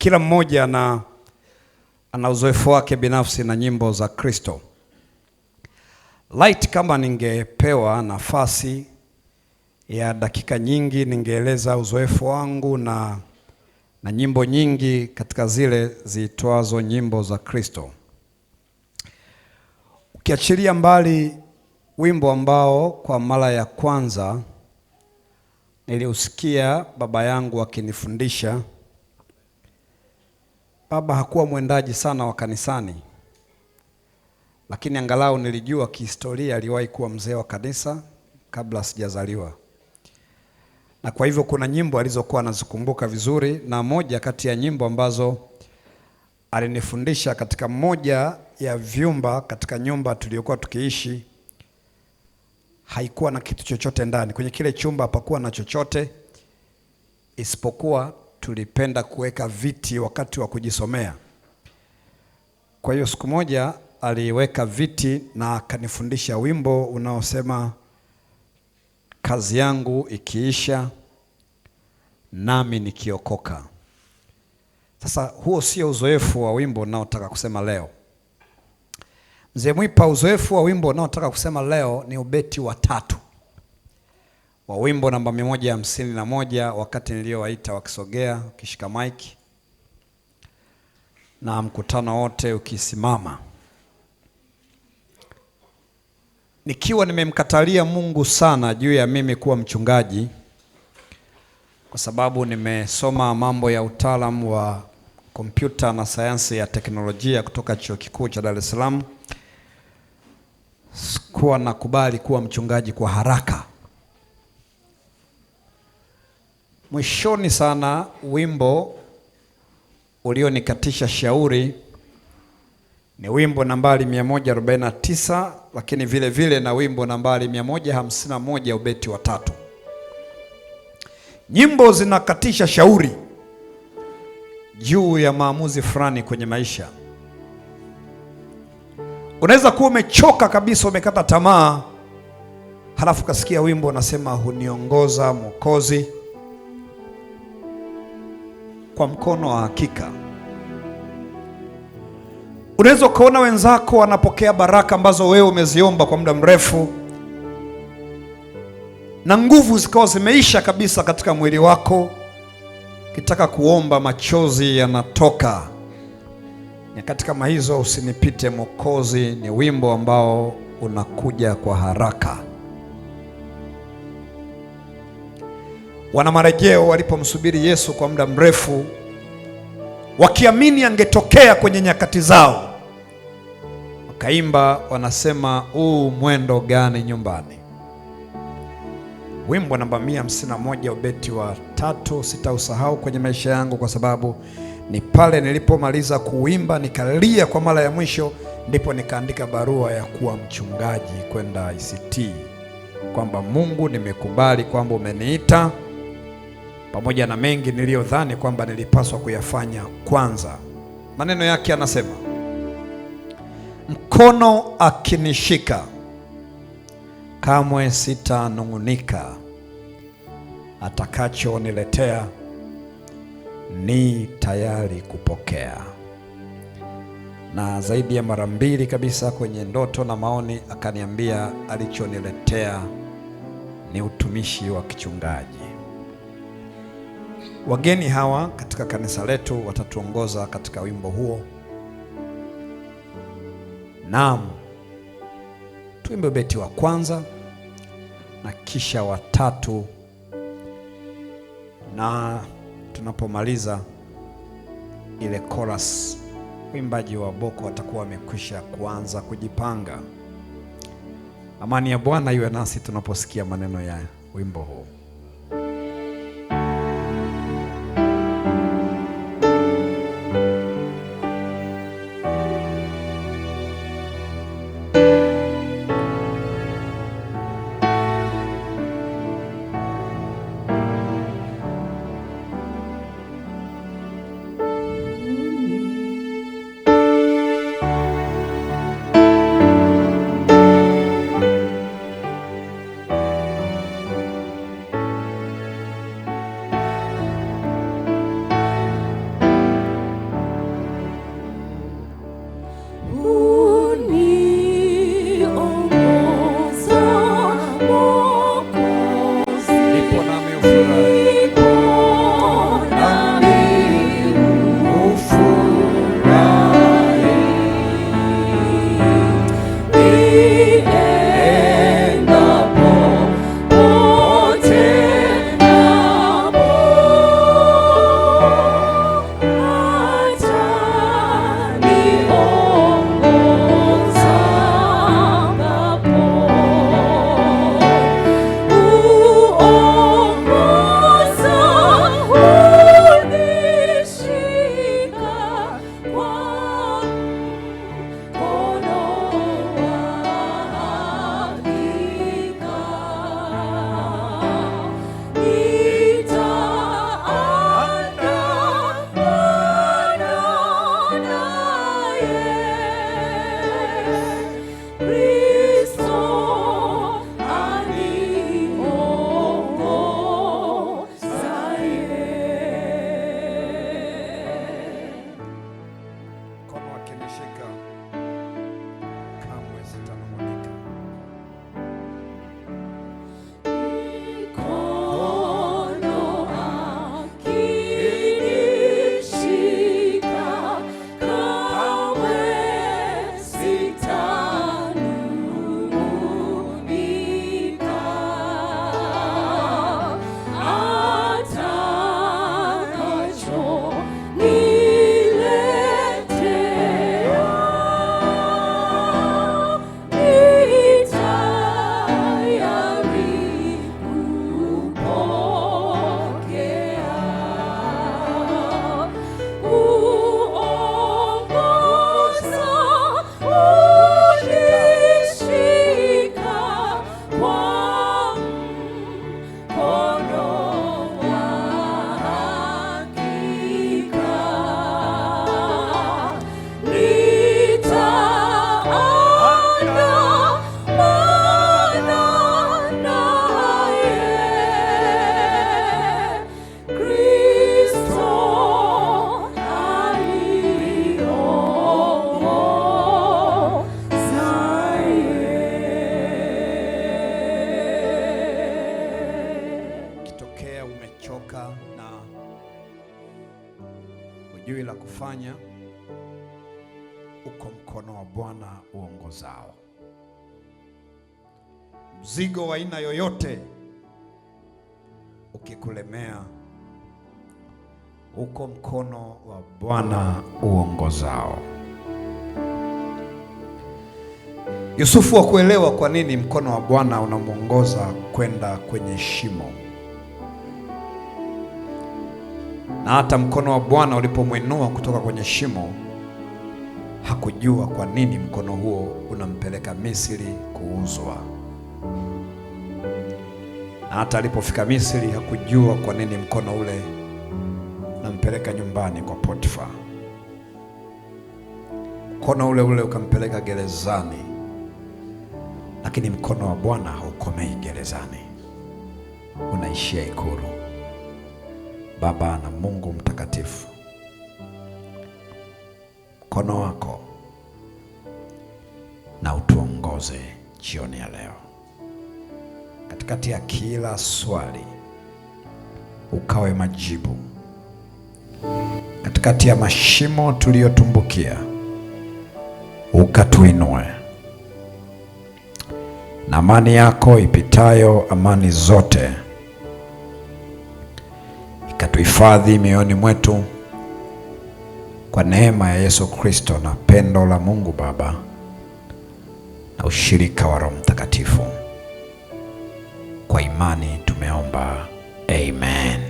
Kila mmoja ana, ana uzoefu wake binafsi na nyimbo za Kristo. Light, kama ningepewa nafasi ya dakika nyingi, ningeeleza uzoefu wangu na, na nyimbo nyingi katika zile ziitwazo nyimbo za Kristo, ukiachilia mbali wimbo ambao kwa mara ya kwanza niliusikia baba yangu akinifundisha Baba hakuwa mwendaji sana wa kanisani, lakini angalau nilijua kihistoria aliwahi kuwa mzee wa kanisa kabla sijazaliwa, na kwa hivyo kuna nyimbo alizokuwa anazikumbuka vizuri, na moja kati ya nyimbo ambazo alinifundisha katika moja ya vyumba katika nyumba tuliyokuwa tukiishi haikuwa na kitu chochote ndani. Kwenye kile chumba hapakuwa na chochote isipokuwa tulipenda kuweka viti wakati wa kujisomea. Kwa hiyo siku moja aliweka viti na akanifundisha wimbo unaosema kazi yangu ikiisha nami nikiokoka. Sasa huo sio uzoefu wa wimbo unaotaka kusema leo. Mzee Mwipa, uzoefu wa wimbo unaotaka kusema leo ni ubeti wa tatu wa wimbo namba mia na moja wakati niliyowaita wakisogea, ukishika maiki na mkutano wote ukisimama, nikiwa nimemkatalia Mungu sana juu ya mimi kuwa mchungaji, kwa sababu nimesoma mambo ya utaalamu wa kompyuta na sayansi ya teknolojia kutoka Chuo Kikuu cha Dar es Salaam. Sikuwa nakubali kuwa mchungaji kwa haraka Mwishoni sana wimbo ulionikatisha shauri ni wimbo nambari 149 lakini vile vile na wimbo nambari 151 ubeti wa tatu. Nyimbo zinakatisha shauri juu ya maamuzi fulani kwenye maisha. Unaweza kuwa umechoka kabisa, umekata tamaa, halafu kasikia wimbo unasema huniongoza Mwokozi kwa mkono wa hakika. Unaweza ukaona wenzako wanapokea baraka ambazo wewe umeziomba kwa muda mrefu, na nguvu zikawa zimeisha kabisa katika mwili wako, kitaka kuomba, machozi yanatoka. Nyakati kama hizo, usinipite Mwokozi ni wimbo ambao unakuja kwa haraka. Wanamarejeo walipomsubiri Yesu kwa muda mrefu, wakiamini angetokea kwenye nyakati zao, wakaimba wanasema, huu mwendo gani nyumbani? Wimbo namba 151 ubeti wa tatu sitausahau kwenye maisha yangu, kwa sababu ni pale nilipomaliza kuimba nikalia kwa mara ya mwisho, ndipo nikaandika barua ya kuwa mchungaji kwenda ICT kwamba Mungu, nimekubali kwamba umeniita pamoja na mengi niliyodhani kwamba nilipaswa kuyafanya kwanza. Maneno yake anasema, mkono akinishika kamwe sitanung'unika, atakachoniletea ni tayari kupokea. Na zaidi ya mara mbili kabisa kwenye ndoto na maoni akaniambia alichoniletea ni utumishi wa kichungaji. Wageni hawa katika kanisa letu watatuongoza katika wimbo huo. Naam, tuimbe beti wa kwanza na kisha watatu, na tunapomaliza ile chorus, uimbaji wa boko watakuwa wamekwisha kuanza kujipanga. Amani ya Bwana iwe nasi tunaposikia maneno ya wimbo huu. hujui la kufanya, uko mkono wa Bwana uongozao. Mzigo wa aina yoyote ukikulemea, uko mkono wa Bwana uongozao. Yusufu wa kuelewa kwa nini mkono wa Bwana unamwongoza kwenda kwenye shimo. na hata mkono wa Bwana ulipomwinua kutoka kwenye shimo hakujua kwa nini mkono huo unampeleka Misri kuuzwa, na hata alipofika Misri hakujua kwa nini mkono ule unampeleka nyumbani kwa Potifa. Mkono ule ule ukampeleka gerezani, lakini mkono wa Bwana haukomei gerezani, unaishia ikulu. Baba na Mungu mtakatifu, mkono wako na utuongoze jioni ya leo, katikati ya kila swali ukawe majibu, katikati ya mashimo tuliyotumbukia ukatuinue, na amani yako ipitayo amani zote katuhifadhi mioyoni mwetu kwa neema ya Yesu Kristo na pendo la Mungu Baba na ushirika wa Roho Mtakatifu. Kwa imani tumeomba, amen.